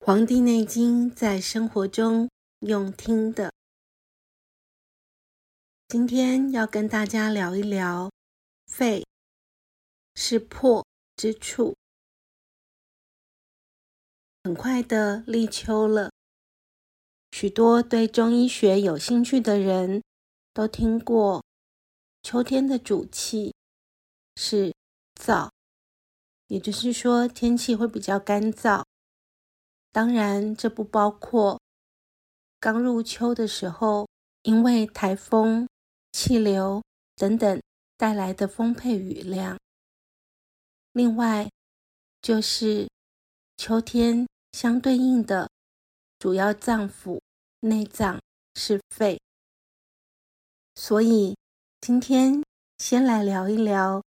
《黃帝內經》在生活中用聽的。今天要跟大家聊一聊肺是魄之處。很快的立秋了，許多對中醫學有興趣的人都聽過，秋天的主氣是燥，也就是說天氣會比較乾燥。當然，這不包括剛入秋的時候，因為颱風、氣流等等帶來的豐沛雨量。另外，就是秋天相對應的主要臟腑內臟是肺，所以今天先來聊一聊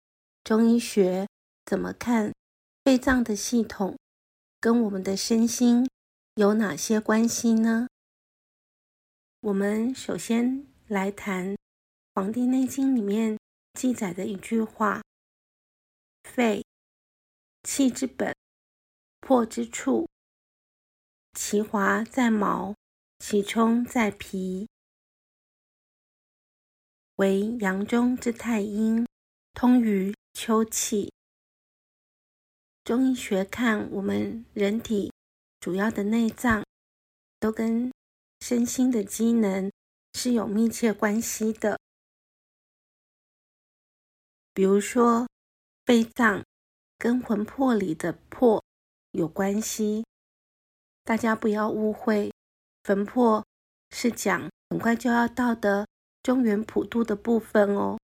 中醫學怎麼看肺臟的系統。跟我們的身心有哪些關係呢？我們首先來談《黃帝內經》裡面記載的一句話：“肺，氣之本，魄之處。其華在毛，其充在皮，為陽中之太陰，通於秋氣。”中醫學看我們人體主要的內臟，都跟身心的機能是有密切關係的。比如說，肺臟跟魂魄裡的魄有關係。大家不要誤會，魂魄是講很快就要到的中元普渡的部分哦。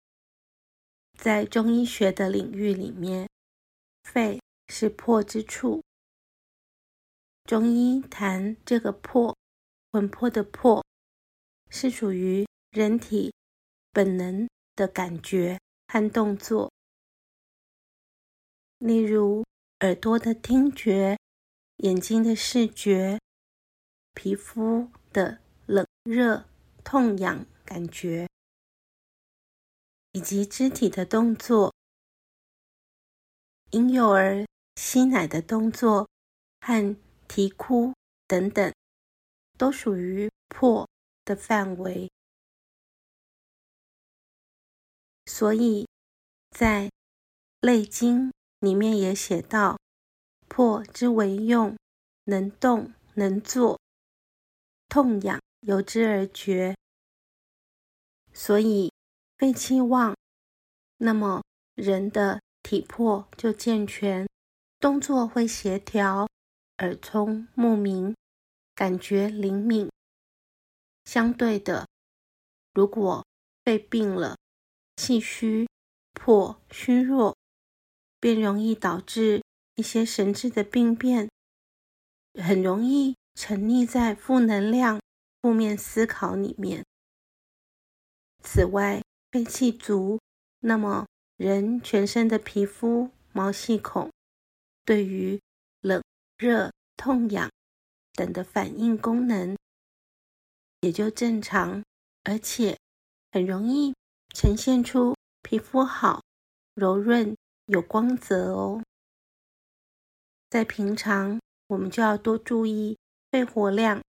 在中醫學的領域裡面，肺，是魄之處，中醫談這個“魄”，魂魄的“魄”，是屬於人體本能的感覺和動作，例如耳朵的聽覺、眼睛的視覺、皮膚的冷熱痛癢感覺，以及肢體的動作。嬰幼兒。吸奶的動作和啼哭等等，都屬於魄的範圍。所以，在《類經》裡面也寫到：“魄之為用，能動，能作，痛癢由之而覺。所以，肺氣旺，那麼人的體魄就健全。動作會協調，耳聰目明，感覺靈敏。相對的，如果肺病了，氣虛、魄虛弱，便容易導致一些神志的病變，很容易沉溺在負能量、負面思考裡面。此外，肺氣足，那麼人全身的皮膚毛細孔，對於冷、熱、痛、癢等的反應功能也就正常，而且很容易呈現出皮膚好、柔潤、有光澤哦。在平常，我們就要多注意肺活量，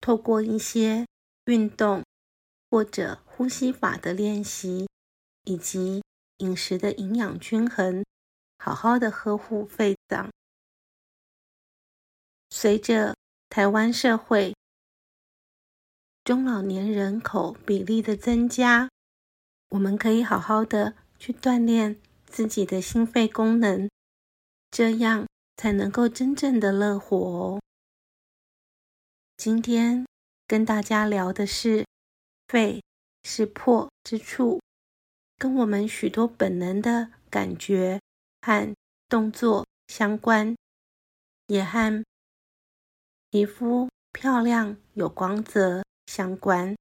透過一些運動或者呼吸法的練習，以及飲食的營養均衡。好好的呵護肺臟。隨着台灣社會中老年人口比例的增加，我們可以好好的去鍛鍊自己的心肺功能，這樣才能夠真正的樂活、哦。今天跟大家聊的是肺是魄之處，跟我們許多本能的感覺。和動作相關，也和皮膚漂亮有光澤相關。